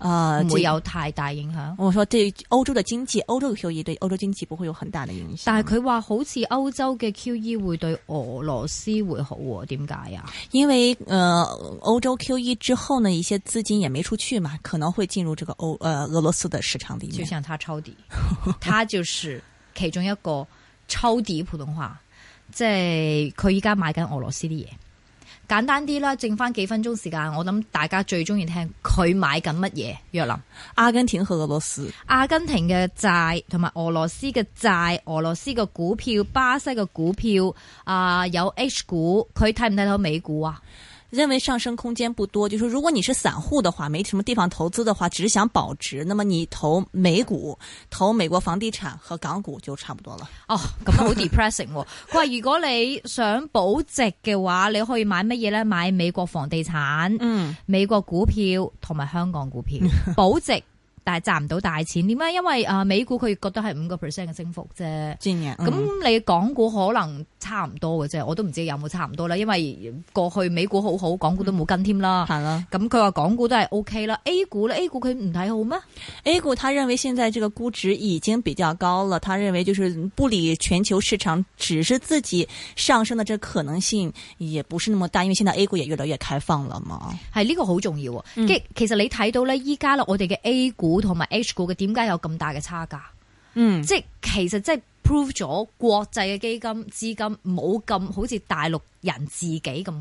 誒，唔會有太大影響。我說對歐洲的經濟，歐洲嘅 QE 對歐洲經濟不會有很大的影響。但係佢話好似歐洲嘅 QE 會對俄羅斯會好，點解呀？因為誒、呃，歐洲 QE 之後呢，一些資金也沒出去嘛，可能會進入這個歐呃俄羅斯的市場裡面。就像他抄底， 他就是其中一個抄底普通話，即係佢而家買緊俄羅斯啲嘢。簡單啲啦，剩翻幾分鐘時間，我諗大家最中意聽佢買緊乜嘢？若林，阿根廷去俄羅斯，阿根廷嘅債同埋俄羅斯嘅債，俄羅斯嘅股票，巴西嘅股票，啊、呃、有 H 股，佢睇唔睇到美股啊？認為上升空間不多，就說如果你是散戶的話，沒什麼地方投資的話，只想保值，那麼你投美股、投美國房地產和港股就差不多了。哦，咁好 depressing 佢話 如果你想保值嘅話，你可以買乜嘢呢？買美國房地產、嗯，美國股票同埋香港股票保值。 但係賺唔到大錢，點解？因為啊、呃，美股佢覺得係五個 percent 嘅升幅啫。咁，嗯、那你港股可能差唔多嘅啫，我都唔知有冇差唔多啦。因為過去美股好好，港股都冇跟添啦。係啦、嗯。咁佢話港股都係 O K 啦，A 股咧，A 股佢唔睇好咩？A 股他認為現在這個估值已經比較高了，他認為就是不理全球市場，只是自己上升的這可能性也不是那麼大，因為現在 A 股也越來越開放啦嘛。係呢、呢個好重要、啊，即、嗯、其實你睇到咧，依家啦，我哋嘅 A 股。股同埋 H 股嘅，點解有咁大嘅差價？嗯，即係其實即係 prove 咗國際嘅基金資金，冇咁好似大陸人自己咁。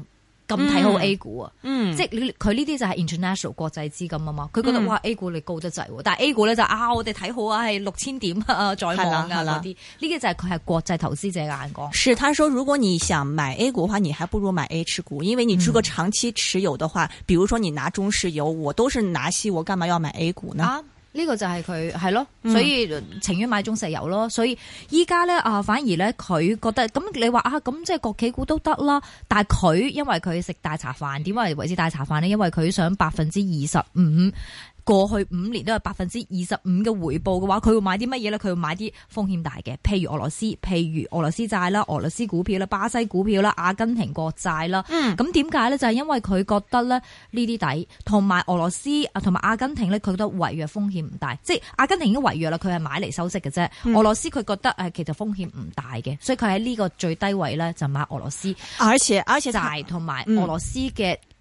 咁睇好 A 股啊，嗯嗯、即係佢呢啲就係 international 國際資金啊嘛，佢覺得、嗯、哇 A 股你高得滯，但係 A 股咧就是、啊我哋睇好啊，係六千點在望噶嗰啲，呢啲就係佢係國際投資者嘅眼光。是，他說如果你想買 A 股嘅話，你還不如買 H 股，因為你如果長期持有嘅話，嗯、比如說你拿中石油，我都是拿西，我幹嘛要買 A 股呢？啊呢個就係佢係咯，所以情願買中石油咯。所以依家咧啊，反而咧佢覺得咁你話啊，咁即係國企股都得啦。但係佢因為佢食大茶飯，點解為為之大茶飯咧？因為佢想百分之二十五。過去五年都有百分之二十五嘅回報嘅話，佢會買啲乜嘢咧？佢會買啲風險大嘅，譬如俄羅斯，譬如俄羅斯債啦、俄羅斯股票啦、巴西股票啦、阿根廷國債啦。嗯。咁點解咧？就係因為佢覺得咧呢啲底同埋俄羅斯啊，同埋阿根廷咧，佢覺得違約風險唔大。即係阿根廷已經違約啦，佢係買嚟收息嘅啫。嗯、俄羅斯佢覺得誒其實風險唔大嘅，所以佢喺呢個最低位咧就買俄羅斯，俄羅斯而，而且而且債同埋俄羅斯嘅。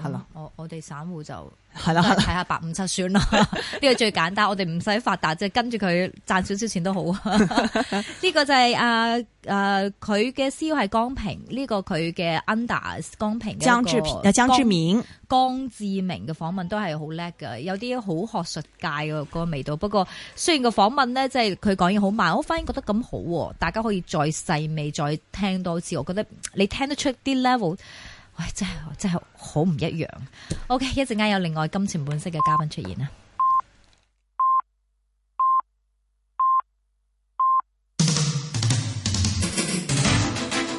係啦，我我哋散戶就係啦，睇下八五七算啦，呢個最簡單，我哋唔使發達，即係跟住佢賺少少錢都好。呢 個就係啊啊，佢嘅 cu 係江平，呢、這個佢嘅 under 江平，江志明啊，江志明，江志明嘅訪問都係好叻㗎，有啲好學術界嘅嗰個味道。不過雖然個訪問咧，即係佢講嘢好慢，我反而覺得咁好，大家可以再細味再聽多次。我覺得你聽得出啲 level。喂，真係真係好唔一樣。OK，一陣間有另外金錢本色嘅嘉賓出現啦。